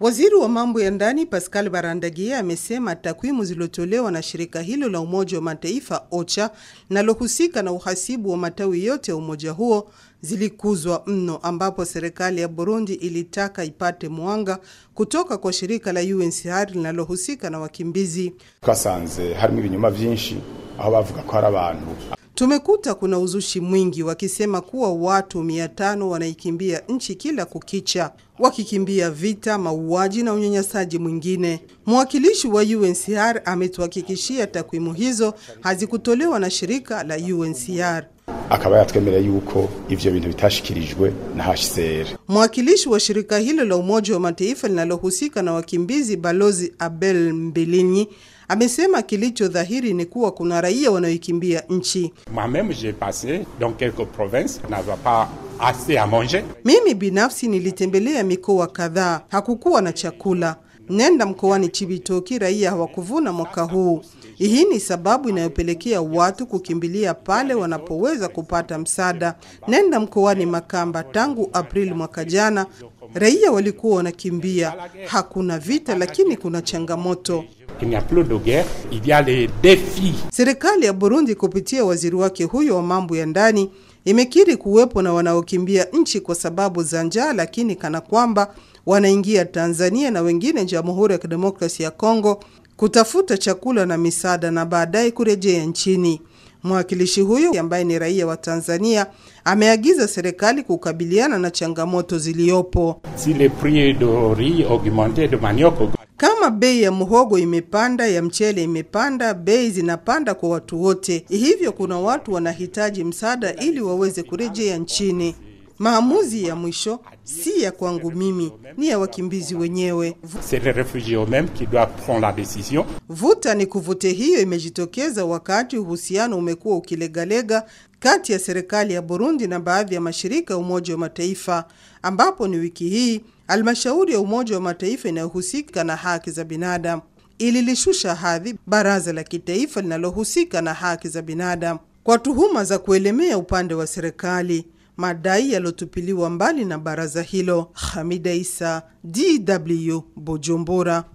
Waziri wa mambo ya ndani Pascal Barandagie amesema takwimu zilizotolewa na shirika hilo la Umoja wa Mataifa OCHA linalohusika na uhasibu wa matawi yote ya umoja huo zilikuzwa mno, ambapo serikali ya Burundi ilitaka ipate mwanga kutoka kwa shirika la UNHCR linalohusika na wakimbizi. Twasanze harimo ibinyoma vyinshi aho bavuga ko hari abantu Tumekuta kuna uzushi mwingi wakisema kuwa watu mia tano wanaikimbia nchi kila kukicha, wakikimbia vita, mauaji na unyanyasaji mwingine. Mwakilishi wa UNHCR ametuhakikishia takwimu hizo hazikutolewa na shirika la UNHCR akaba yatwemera yuko ivyo bintu bitashikirijwe na HCR. Mwakilishi wa shirika hilo la Umoja wa Mataifa linalohusika na wakimbizi Balozi Abel Mbilinyi amesema kilicho dhahiri ni kuwa kuna raia wanaoikimbia nchi. moi je passé dans quelques provinces n'avait pas assez à manger. Mimi binafsi nilitembelea mikoa kadhaa, hakukuwa na chakula. Nenda mkoani Chibitoki, raia hawakuvuna mwaka huu hii ni sababu inayopelekea watu kukimbilia pale wanapoweza kupata msaada. Nenda mkoani Makamba, tangu Aprili mwaka jana raia walikuwa wanakimbia. Hakuna vita, lakini kuna changamoto. Serikali ya Burundi kupitia waziri wake huyo wa mambo ya ndani imekiri kuwepo na wanaokimbia nchi kwa sababu za njaa, lakini kana kwamba wanaingia Tanzania na wengine Jamhuri ya Kidemokrasia ya Kongo kutafuta chakula na misaada na baadaye kurejea nchini. Mwakilishi huyo ambaye ni raia wa Tanzania ameagiza serikali kukabiliana na changamoto ziliyopo. Kama bei ya muhogo imepanda, ya mchele imepanda, bei zinapanda kwa watu wote, hivyo kuna watu wanahitaji msaada ili waweze kurejea nchini. Maamuzi ya mwisho si ya kwangu mimi, ni ya wakimbizi wenyewe. Vuta ni kuvute hiyo imejitokeza wakati uhusiano umekuwa ukilegalega kati ya serikali ya Burundi na baadhi ya mashirika ya Umoja wa Mataifa, ambapo ni wiki hii almashauri ya Umoja wa Mataifa inayohusika na haki za binadamu ililishusha hadhi baraza la kitaifa linalohusika na haki za binadamu kwa tuhuma za kuelemea upande wa serikali madai yalotupiliwa mbali na baraza hilo. Hamida Isa, DW, Bujumbura.